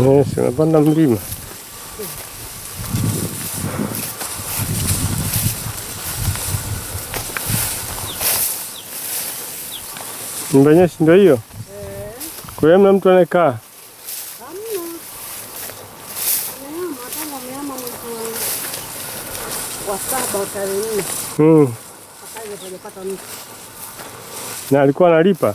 Yes, unapanda mlima nyumba yenyewe ndio hiyo kwa hiyo mtu anayekaa na alikuwa analipa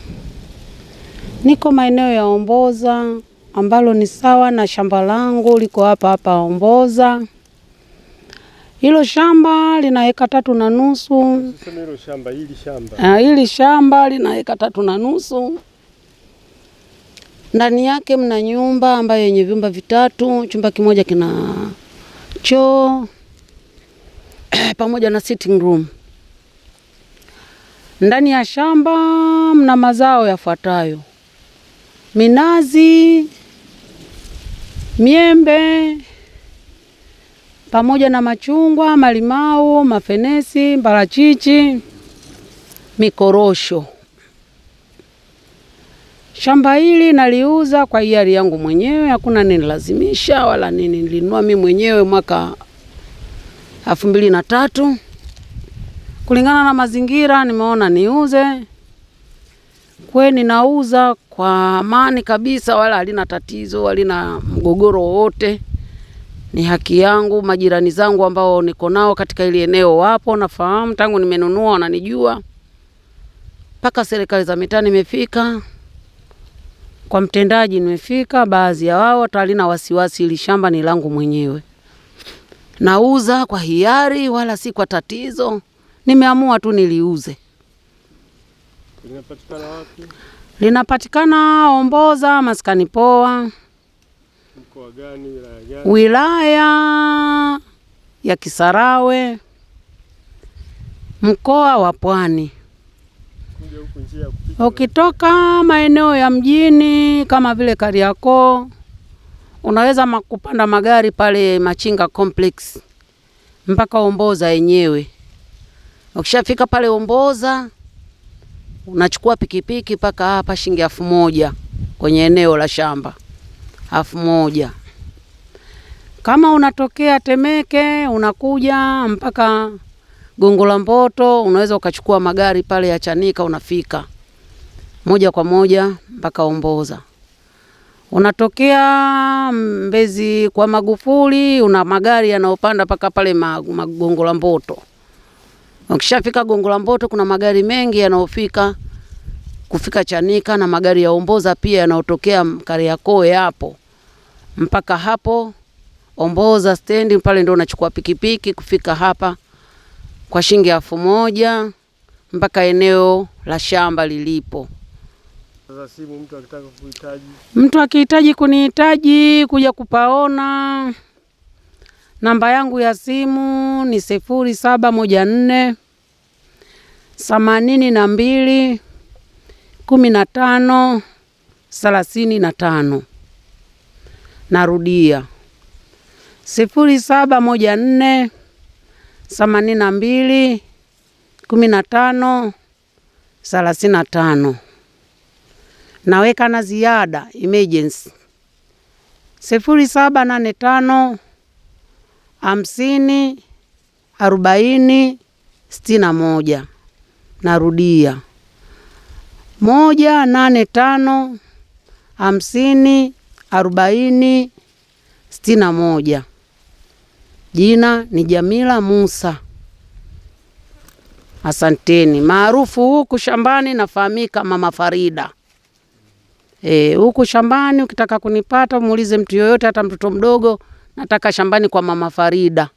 Niko maeneo ya Omboza ambalo ni sawa na shamba langu liko hapa hapa Omboza. Hilo shamba lina heka tatu na nusu. Hilo shamba, hili shamba. Ha, ah, hili shamba lina heka tatu na nusu. Ndani yake mna nyumba ambayo yenye vyumba vitatu, chumba kimoja kina choo pamoja na sitting room. Ndani ya shamba mna mazao yafuatayo: minazi, miembe pamoja na machungwa, malimau, mafenesi, mparachichi, mikorosho. Shamba hili naliuza kwa hiari yangu mwenyewe, hakuna ninilazimisha wala nini. Nilinunua mimi mwenyewe mwaka elfu mbili na tatu kulingana na mazingira, nimeona niuze kwe nauza kwa amani kabisa, wala halina tatizo, halina mgogoro wowote. Ni haki yangu. Majirani zangu ambao niko nao katika ile eneo wapo, nafahamu tangu nimenunua, wananijua mpaka serikali za mitaa nimefika, kwa mtendaji nimefika, baadhi ya wao tayari wasiwasi, ili shamba ni langu mwenyewe, nauza kwa hiari, wala si kwa tatizo. Nimeamua tu niliuze. Linapatikana wapi? Linapatikana Omboza maskani poa. Mkoa gani, wilaya gani? Wilaya ya Kisarawe, mkoa wa Pwani. Ukitoka maeneo ya mjini kama vile Kariakoo unaweza kupanda magari pale Machinga Complex mpaka Omboza yenyewe. Ukishafika pale Omboza unachukua pikipiki mpaka hapa shilingi elfu moja kwenye eneo la shamba elfu moja kama unatokea Temeke unakuja mpaka Gongo la Mboto, unaweza ukachukua magari pale ya Chanika, unafika moja kwa moja mpaka Omboza. Unatokea Mbezi kwa Magufuli, una magari yanayopanda mpaka pale Gongo la Mboto. Ukishafika Gongo la Mboto kuna magari mengi yanayofika kufika Chanika na magari ya Omboza pia yanayotokea Kariakoo hapo. Mpaka hapo Omboza stendi pale ndio unachukua pikipiki kufika hapa kwa shilingi elfu moja mpaka eneo la shamba lilipo. Simu, mtu akihitaji kunihitaji kuja kupaona, namba yangu ya simu ni sifuri saba moja nne themanini na mbili kumi na tano thelathini na tano. Narudia sifuri saba moja nne themanini na mbili kumi na tano thelathini na tano. Naweka na ziada emergency sifuri saba nane tano hamsini arobaini sitini na moja. Narudia, moja nane tano hamsini arobaini sitini na moja. Jina ni Jamila Musa. Asanteni. Maarufu huku shambani nafahamika Mama Farida. E, huku shambani ukitaka kunipata, muulize mtu yoyote, hata mtoto mdogo, nataka shambani kwa Mama Farida.